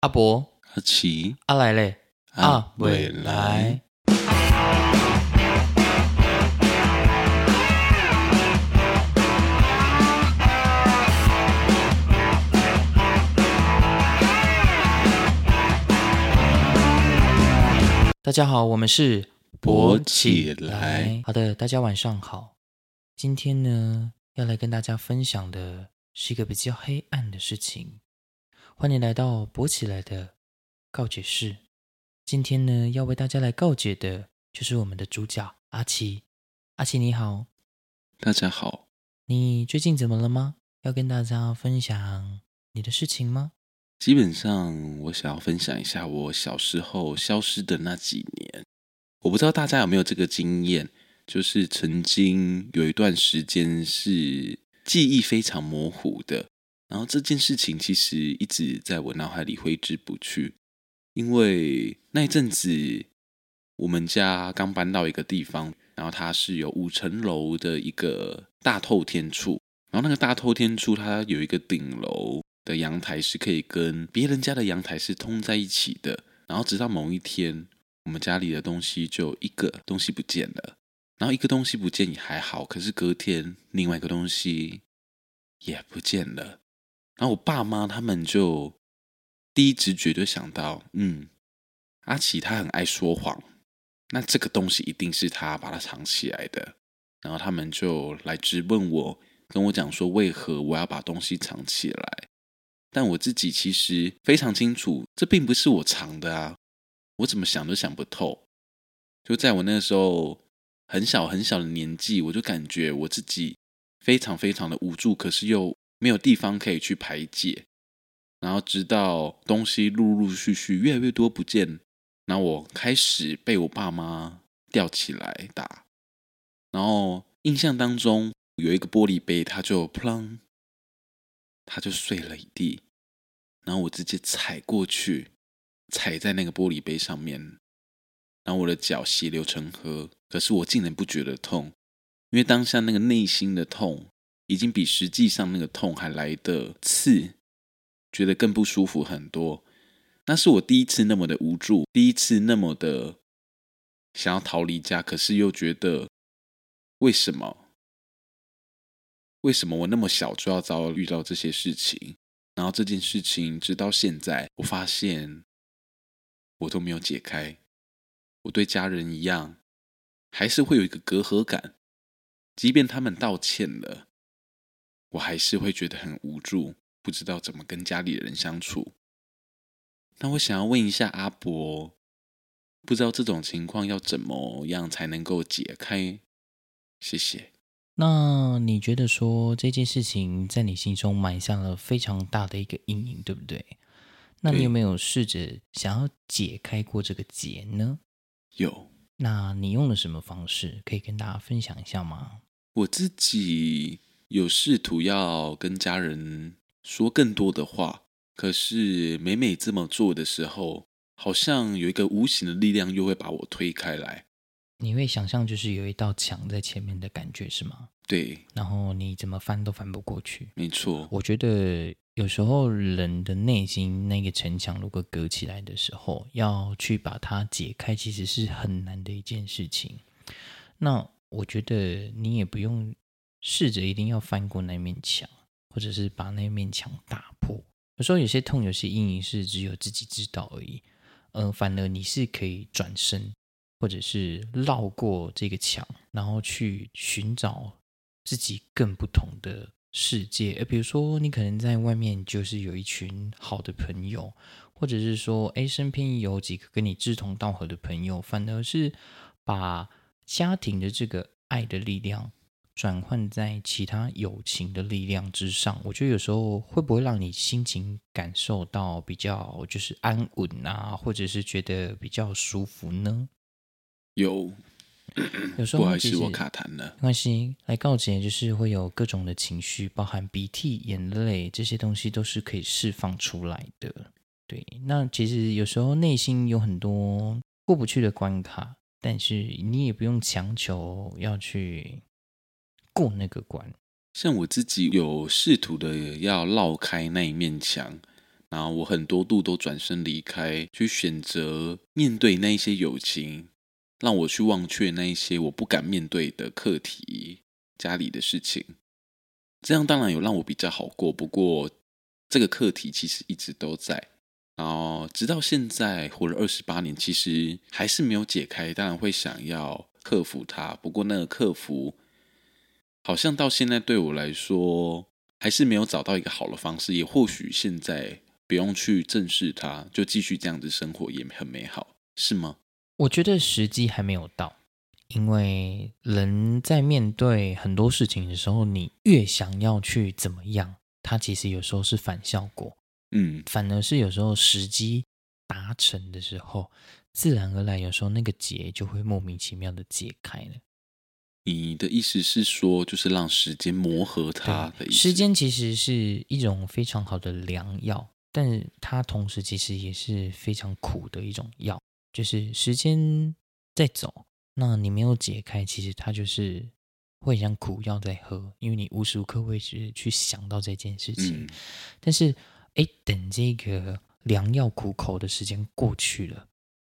阿博，阿棋起，阿來嘞，阿未來。啊、來大家好，我們是博棋來。好的，大家晚上好。今天呢，要來跟大家分享的是一個比較黑暗的事情。歡迎來到博棋來的告解室。今天呢，要為大家來告解的，就是我們的主角阿棋。阿棋，你好。大家好。你最近怎麼了嗎？要跟大家分享你的事情嗎？基本上，我想要分享一下我小時候消失的那幾年。我不知道大家有沒有這個經驗，就是曾經有一段時間是記憶非常模糊的。然後這件事情其實一直在我腦海裡揮之不去，因為那一陣子我們家剛搬到一個地方，然後它是有五層樓的一個大透天厝，然後那個大透天厝它有一個頂樓的陽台，是可以跟別人家的陽台是通在一起的。然後直到某一天，我們家裡的東西就一個東西不見了，然後一個東西不見也還好，可是隔天另外一個東西也不見了。然後我爸媽他們就第一直覺就想到，嗯，阿棋他很愛說謊，那這個東西一定是他把它藏起來的。然後他們就來質問我，跟我講說為何我要把東西藏起來？但我自己其實非常清楚，這並不是我藏的啊，我怎麼想都想不透。就在我那個時候很小很小的年紀，我就感覺我自己非常非常的無助，可是又。沒有地方可以去排解，然後直到東西陸陸續續越來越多不見，然後我開始被我爸媽吊起來打，然後印象當中有一個玻璃杯，它就砰，它就碎了一地，然後我直接踩過去，踩在那個玻璃杯上面，然後我的腳血流成河，可是我竟然不覺得痛，因為當下那個內心的痛。已經比實際上那個痛還來得刺，覺得更不舒服很多。那是我第一次那麼的無助，第一次那麼的想要逃離家，可是又覺得為什麼？為什麼我那麼小就要遭遇到這些事情？然後這件事情直到現在，我發現我都沒有解開。我對家人一樣，還是會有一個隔閡感，即便他們道歉了。我還是會覺得很無助，不知道怎麼跟家裡的人相處。那我想要問一下阿博，不知道這種情況要怎麼樣才能夠解開？謝謝。那你覺得說這件事情在你心中埋下了非常大的一個陰影，對不對？那你有沒有試着想要解開過這個結呢？有。那你用了什麼方式？可以跟大家分享一下嗎？我自己。有試圖要跟家人說更多的話，可是每每這麼做的時候，好像有一個無形的力量又會把我推開來。你會想象就是有一道牆在前面的感覺是嗎？對。然後你怎麼翻都翻不過去。沒錯。我覺得有時候人的內心那個城牆如果隔起來的時候，要去把它解開，其實是很難的一件事情。那我覺得你也不用試着一定要翻過那面牆，或者是把那面牆打破。有時候有些痛，有些陰影是只有自己知道而已。嗯、呃，反而你是可以轉身，或者是繞過這個牆，然後去尋找自己更不同的世界。呃，比如說你可能在外面就是有一群好的朋友，或者是說哎、欸、身邊有幾個跟你志同道合的朋友，反而是把家庭的這個愛的力量。轉換在其他友情的力量之上，我覺得有時候會不會讓你心情感受到比較就是安穩啊，或者是覺得比較舒服呢？有， 有時候其實，不好意思，我卡痰了，沒關係。來告解就是會有各種的情緒，包含鼻涕、眼淚這些東西都是可以釋放出來的。對，那其實有時候內心有很多過不去的關卡，但是你也不用強求要去。過那個關，像我自己有試圖的要繞開那一面牆，然後我很多度都轉身離開，去選擇面對那一些友情，讓我去忘卻那一些我不敢面對的課題，家裡的事情，這樣當然有讓我比較好過，不過這個課題其實一直都在，然後直到現在活了二十八年，其實還是沒有解開，當然會想要克服它，不過那個克服。好像到現在對我來說，還是沒有找到一個好的方式。也或許現在不用去正視它，就繼續這樣子生活也很美好，是嗎？我覺得時機還沒有到，因為人在面對很多事情的時候，你越想要去怎麼樣，它其實有時候是反效果。嗯，反而是有時候時機達成的時候，自然而然，有時候那個結就會莫名其妙的解開了。你的意思是說，就是讓時間磨合它的意思、啊。時間其實是一種非常好的良藥，但它同時其實也是非常苦的一種藥。就是時間在走，那你沒有解開，其實它就是會很像苦藥在喝，因為你無時無刻會是去想到這件事情。嗯、但是，哎，等這個良藥苦口的時間過去了，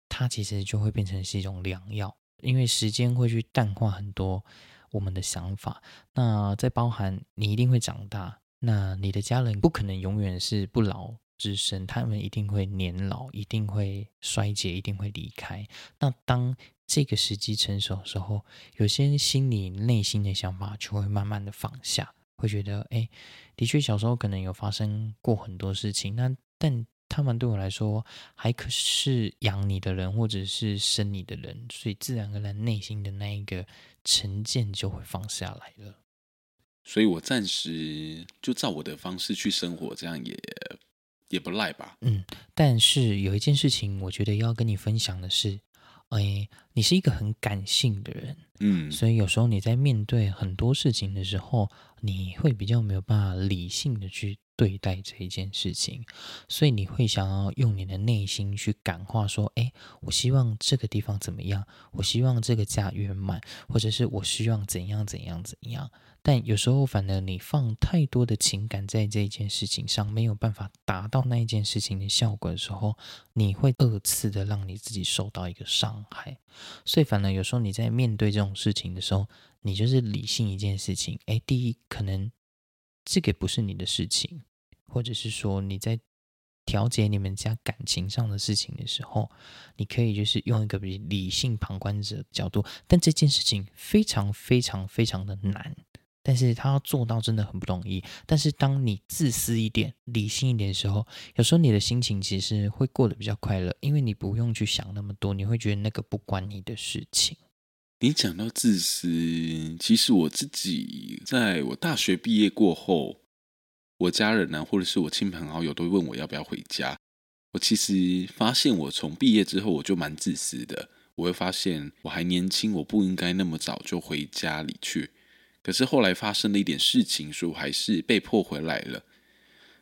它其實就會變成是一種良藥。因為時間會去淡化很多我們的想法，那在包含你一定會長大，那你的家人不可能永遠是不老之身，他們一定會年老，一定會衰竭，一定會離開。那當這個時機成熟的時候，有些心裡內心的想法就會慢慢的放下，會覺得，哎，的確小時候可能有發生過很多事情，那但。他們對我來說，還可是養你的人，或者是生你的人，所以自然而然內心的那一個成見就會放下來了。所以我暫時就照我的方式去生活，這樣也也不賴吧。嗯，但是有一件事情，我覺得要跟你分享的是，哎，你是一個很感性的人，嗯，所以有時候你在面對很多事情的時候，你會比較沒有辦法理性的去。對待這一件事情，所以你會想要用你的內心去感化，說：“哎，我希望這個地方怎麼樣？我希望這個家圓滿，或者是我希望怎樣怎樣怎樣。”但有時候，反而你放太多的情感在這一件事情上，沒有辦法達到那一件事情的效果的時候，你會二次的讓你自己受到一個傷害。所以，反而有時候你在面對這種事情的時候，你就是理性一件事情。哎，第一，可能這個不是你的事情，或者是說你在調節你們家感情上的事情的時候，你可以就是用一個比理性旁觀者的角度，但這件事情非常非常非常的難，但是他要做到真的很不容易。但是當你自私一點、理性一點的時候，有時候你的心情其實會過得比較快樂，因為你不用去想那麼多，你會覺得那個不關你的事情。你講到自私，其實我自己在我大學畢業過後。我家人呢、啊，或者是我親朋好友都問我要不要回家。我其實發現，我從畢業之後我就蠻自私的。我會發現我還年輕，我不應該那麼早就回家裡去。可是後來發生了一點事情，所以我還是被迫回來了。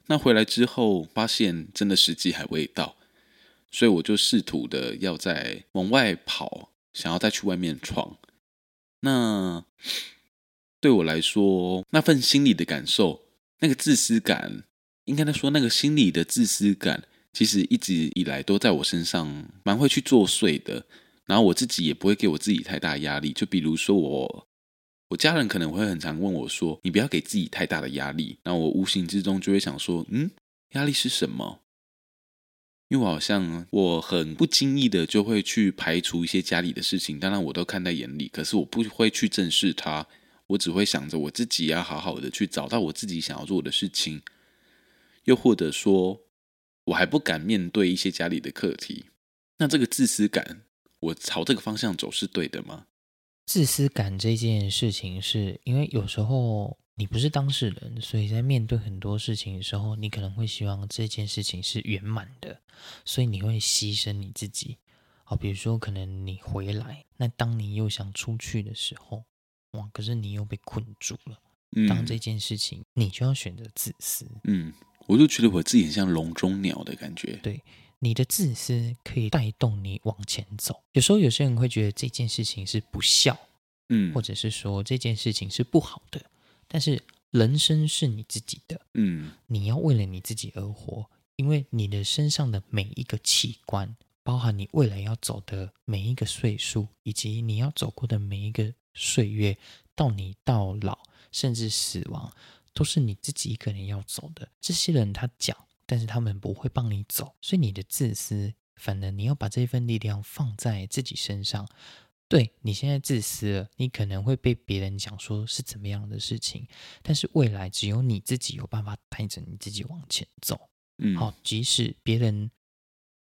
那回來之後，發現真的時機還未到，所以我就試圖的要再往外跑，想要再去外面闖。那對我來說，那份心理的感受。那個自私感，應該在說那個心理的自私感，其實一直以來都在我身上蠻會去作祟的。然後我自己也不會給我自己太大的壓力，就比如說我，我家人可能會很常問我說：“你不要給自己太大的壓力。”然後我無形之中就會想說：“嗯，壓力是什麼？”因為我好像我很不經意的就會去排除一些家裡的事情，當然我都看在眼裡，可是我不會去正視它。我只會想着我自己要好好的去找到我自己想要做的事情，又或者說，我還不敢面對一些家裡的課題。那這個自私感，我朝這個方向走是對的嗎？自私感這件事情是，是因為有時候你不是當事人，所以在面對很多事情的時候，你可能會希望這件事情是圓滿的，所以你會犧牲你自己。好，比如說可能你回來，那當你又想出去的時候。可是你又被困住了。嗯，當這件事情，你就要選擇自私。嗯，我就覺得我自己很像籠中鳥的感覺。對，你的自私可以帶動你往前走。有時候有些人會覺得這件事情是不孝，嗯，或者是說這件事情是不好的。但是人生是你自己的，嗯，你要為了你自己而活，因為你的身上的每一個器官。包含你未來要走的每一個歲數，以及你要走過的每一個歲月，到你到老，甚至死亡，都是你自己一個人要走的。這些人他講，但是他們不會幫你走。所以你的自私，反正你要把這份力量放在自己身上。對，你現在自私了，你可能會被別人講說是怎麼樣的事情，但是未來只有你自己有辦法帶着你自己往前走。嗯，好，即使別人，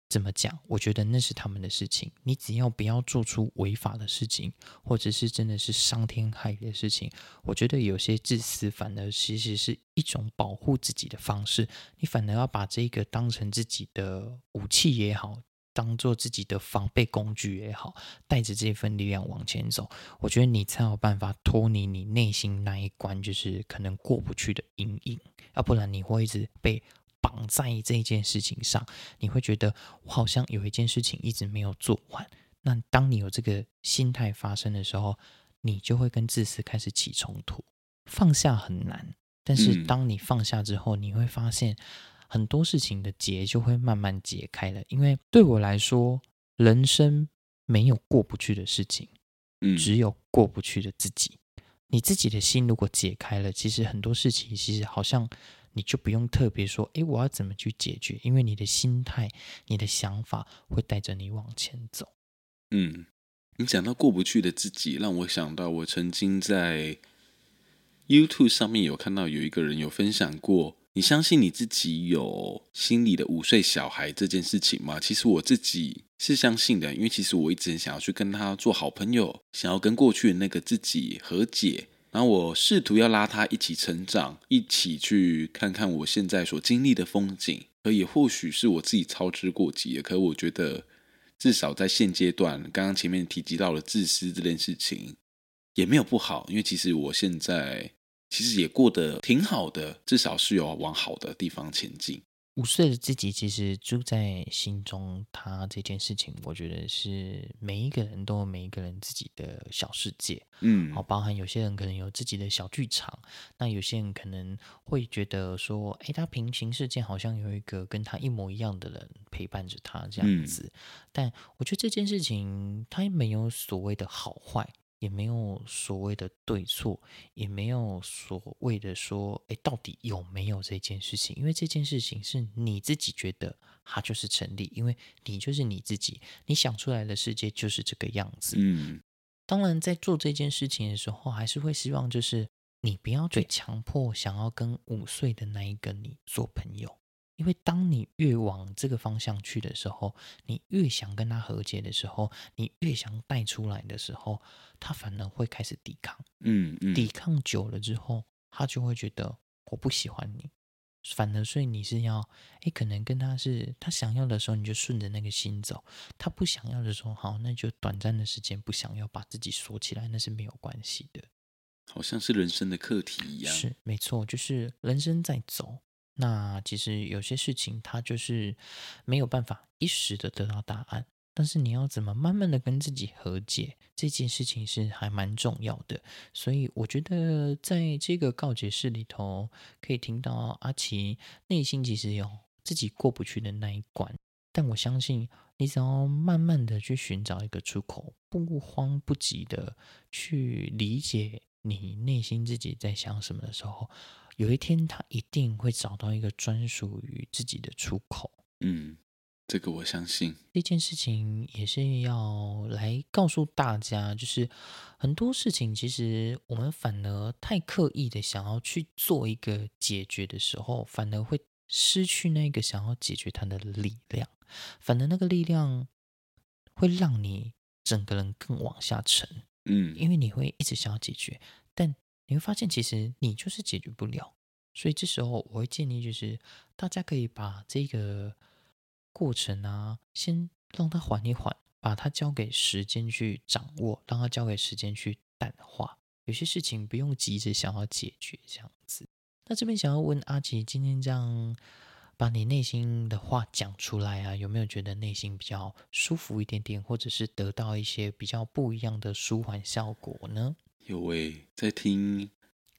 怎麼講？我覺得那是他們的事情。你只要不要做出違法的事情，或者是真的是傷天害理的事情。我覺得有些自私，反而其實是一種保護自己的方式。你反而要把這個當成自己的武器也好，當做自己的防備工具也好，帶着這份力量往前走。我覺得你才有辦法脫離你，你內心那一關，就是可能過不去的陰影。要不然你會一直被。綁在這一件事情上，你會覺得我好像有一件事情一直沒有做完。那當你有這個心態發生的時候，你就會跟自私開始起衝突。放下很難，但是當你放下之後，你會發現很多事情的結就會慢慢解開了。因為對我來說，人生沒有過不去的事情，只有過不去的自己。你自己的心如果解開了，其實很多事情其實好像。你就不用特別說，哎、欸，我要怎麼去解決？因為你的心態、你的想法會帶着你往前走。嗯，你講到過不去的自己，讓我想到我曾經在 YouTube 上面有看到有一個人有分享過，你相信你自己有心裡的五歲小孩這件事情嗎？其實我自己是相信的，因為其實我一直很想要去跟他做好朋友，想要跟過去的那個自己和解。然後我試圖要拉他一起成長，一起去看看我現在所經歷的風景。可也或許是我自己操之過急，可我覺得，至少在現階段，剛剛前面提及到了自私這件事情，也沒有不好。因為其實我現在其實也過得挺好的，至少是有往好的地方前進。五歲的自己其實住在心中，他這件事情，我覺得是每一個人都有每一個人自己的小世界，嗯，好，包含有些人可能有自己的小劇場，那有些人可能會覺得說，哎、欸，他平行世界好像有一個跟他一模一樣的人陪伴着他這樣子，嗯、但我覺得這件事情他也沒有所謂的好壞。也沒有所謂的對錯，也沒有所謂的說，哎，到底有沒有這件事情？因為這件事情是你自己覺得它就是成立，因為你就是你自己，你想出來的世界就是這個樣子。嗯，當然，在做這件事情的時候，還是會希望就是你不要去強迫想要跟五歲的那一個你做朋友。因為當你越往這個方向去的時候，你越想跟他和解的時候，你越想帶出來的時候，他反而會開始抵抗。嗯，嗯。抵抗久了之後，他就會覺得我不喜歡你，反而所以你是要誒、欸，可能跟他是他想要的時候，你就順着那個心走；他不想要的時候，好，那就短暫的時間不想要，把自己鎖起來，那是沒有關係的。好像是人生的課題一樣。是沒錯，就是人生在走。那其實有些事情，它就是沒有辦法一時的得到答案，但是你要怎麼慢慢的跟自己和解，這件事情是還蠻重要的。所以我覺得，在這個告解室裡頭，可以聽到阿棋內心其實有自己過不去的那一關，但我相信，你只要慢慢的去尋找一個出口，不慌不急的去理解你內心自己在想什麼的時候。有一天，他一定會找到一個專屬於自己的出口。嗯，這個我相信。這件事情也是要來告訴大家，就是很多事情，其實我們反而太刻意的想要去做一個解決的時候，反而會失去那個想要解決它的力量。反而那個力量會讓你整個人更往下沉，嗯，因為你會一直想要解決，但。你會發現，其實你就是解決不了，所以這時候我會建議，就是大家可以把這個過程啊，先讓它緩一緩，把它交給時間去掌握，讓它交給時間去淡化。有些事情不用急着想要解決，這樣子。那這邊想要問阿棋，今天這樣把你內心的話講出來啊，有沒有覺得內心比較舒服一點點，或者是得到一些比較不一樣的舒緩效果呢？有哎、欸，在聽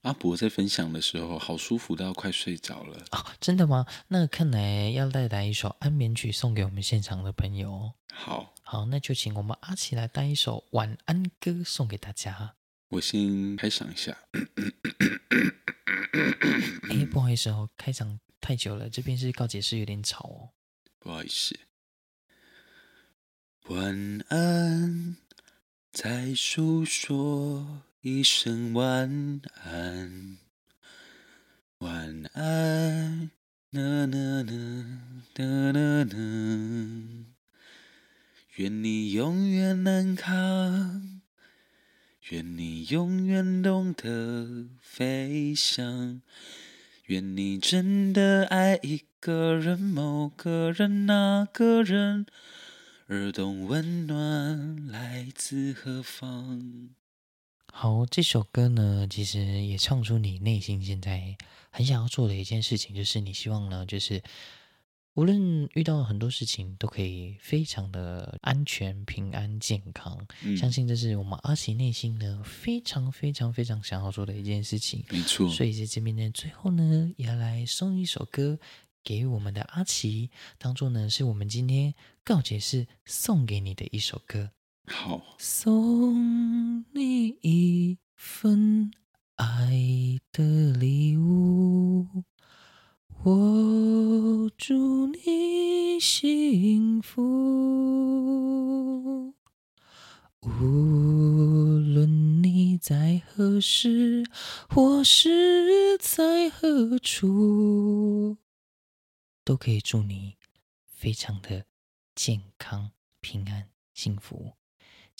阿博在分享的時候，好舒服到快睡着了啊、哦！真的嗎？那看來要帶來一首安眠曲送給我們現場的朋友。好好，那就請我們阿棋來帶一首晚安歌送給大家。我先開嗓一下，哎，不好意思哦，開嗓太久了，這邊是告解室有點吵哦，不好意思。晚安，在訴說。一聲晚安，晚安，吶吶吶吶吶吶。願你永遠安康，願你永遠懂得飛翔，願你真的愛一個人，某個人，那個人，而懂溫暖來自何方。好，這首歌呢，其實也唱出你內心現在很想要做的一件事情，就是你希望呢，就是無論遇到很多事情，都可以非常的安全、平安、健康。嗯、相信這是我們阿棋內心呢，非常、非常、非常想要做的一件事情。沒錯，所以在這邊呢，最後呢，也要來送一首歌給我們的阿棋，當做呢是我們今天告解室送給你的一首歌。好，送你一份愛的禮物，我祝你幸福。無論你在何時或是在何處，都可以祝你非常的健康、平安、幸福。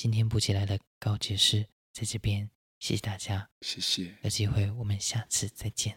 今天博棋來的告解室在這邊，謝謝大家，謝謝。有機會我們下次再見。